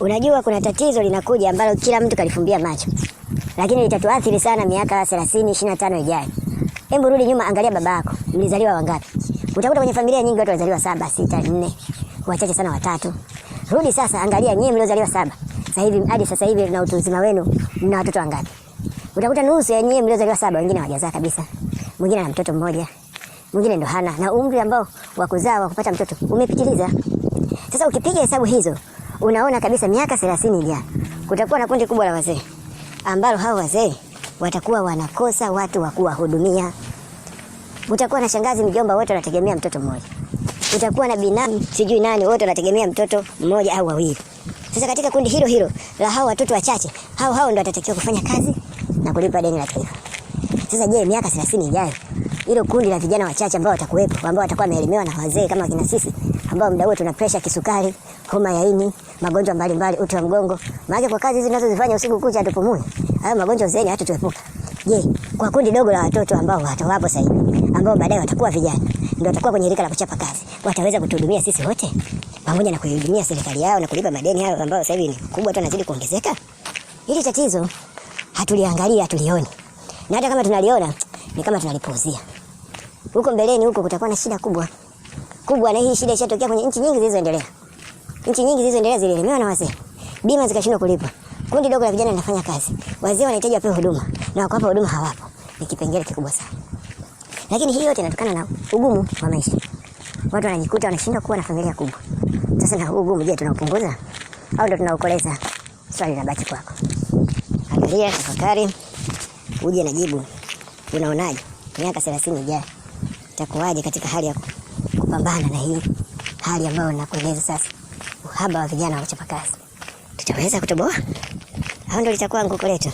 Unajua kuna tatizo linakuja ambalo kila mtu kalifumbia macho, lakini litatuathiri sana miaka 30, 25 ijayo. Hebu rudi nyuma, angalia baba yako, mlizaliwa wangapi? Utakuta kwenye familia nyingi watu walizaliwa saba, sita, nne, wachache sana watatu. Rudi sasa, angalia nyinyi mliozaliwa saba, sasa hivi hadi sasa hivi na utu uzima wenu mna watoto wangapi? Utakuta nusu ya nyinyi mliozaliwa saba, wengine hawajazaa kabisa, mwingine ana mtoto mmoja, mwingine ndo hana, na umri ambao wa kuzaa wa kupata mtoto umepitiliza. Sasa ukipiga hesabu hizo Unaona kabisa miaka 30 ijayo kutakuwa na kundi kubwa la wazee ambalo hao wazee watakuwa wanakosa watu wa kuwahudumia. Utakuwa na shangazi, mjomba, wote wanategemea mtoto mmoja. Utakuwa na binamu, sijui nani, wote wanategemea mtoto mmoja au wawili. Sasa katika kundi hilo hilo la hao watoto wachache, hao hao ndio watatakiwa kufanya kazi na kulipa deni la taifa. Sasa je, miaka 30 ijayo hilo kundi la vijana wachache ambao watakuwepo, ambao watakuwa wameelimewa na wazee kama kina sisi, ambao muda wote tuna pressure, kisukari, homa ya ini, magonjwa mbalimbali, uti wa mgongo. Maana kwa kazi hizi tunazozifanya usiku kucha tupumue, hayo magonjwa uzeeni hata tuepuka. Je, kwa kundi dogo la watoto ambao watawapo sasa hivi, ambao baadaye watakuwa vijana, ndio watakuwa kwenye rika la kuchapa kazi, wataweza kutuhudumia sisi wote pamoja na kuhudumia serikali yao na kulipa madeni hayo ambayo sasa hivi ni kubwa tu, yanazidi kuongezeka. Hili tatizo hatuliangalia, hatulioni, na hata kama tunaliona ni kama tunalipuuzia huko mbeleni huko kutakuwa na shida kubwa kubwa, na hii shida ishatokea kwenye nchi nyingi zilizoendelea. Nchi nyingi zilizoendelea zilielemewa na wazee, bima zikashindwa kulipa, kundi dogo la vijana linafanya kazi, wazee wanahitaji wapewe huduma na wakawapa huduma hawapo. Ni kipengele kikubwa sana, lakini hii yote inatokana na ugumu wa maisha. Watu wanajikuta wanashindwa kuwa na familia kubwa. Sasa na huu ugumu, je, tunaupunguza au ndo tunaukoleza? Swali linabaki kwako. Angalia, tafakari, uje na jibu. Unaonaje miaka 30 ijayo? itakuwaje katika hali ya kupambana na hii hali ambayo nakueleza sasa, uhaba wa vijana wa kuchapa kazi, tutaweza kutoboa au ndio litakuwa nguko letu?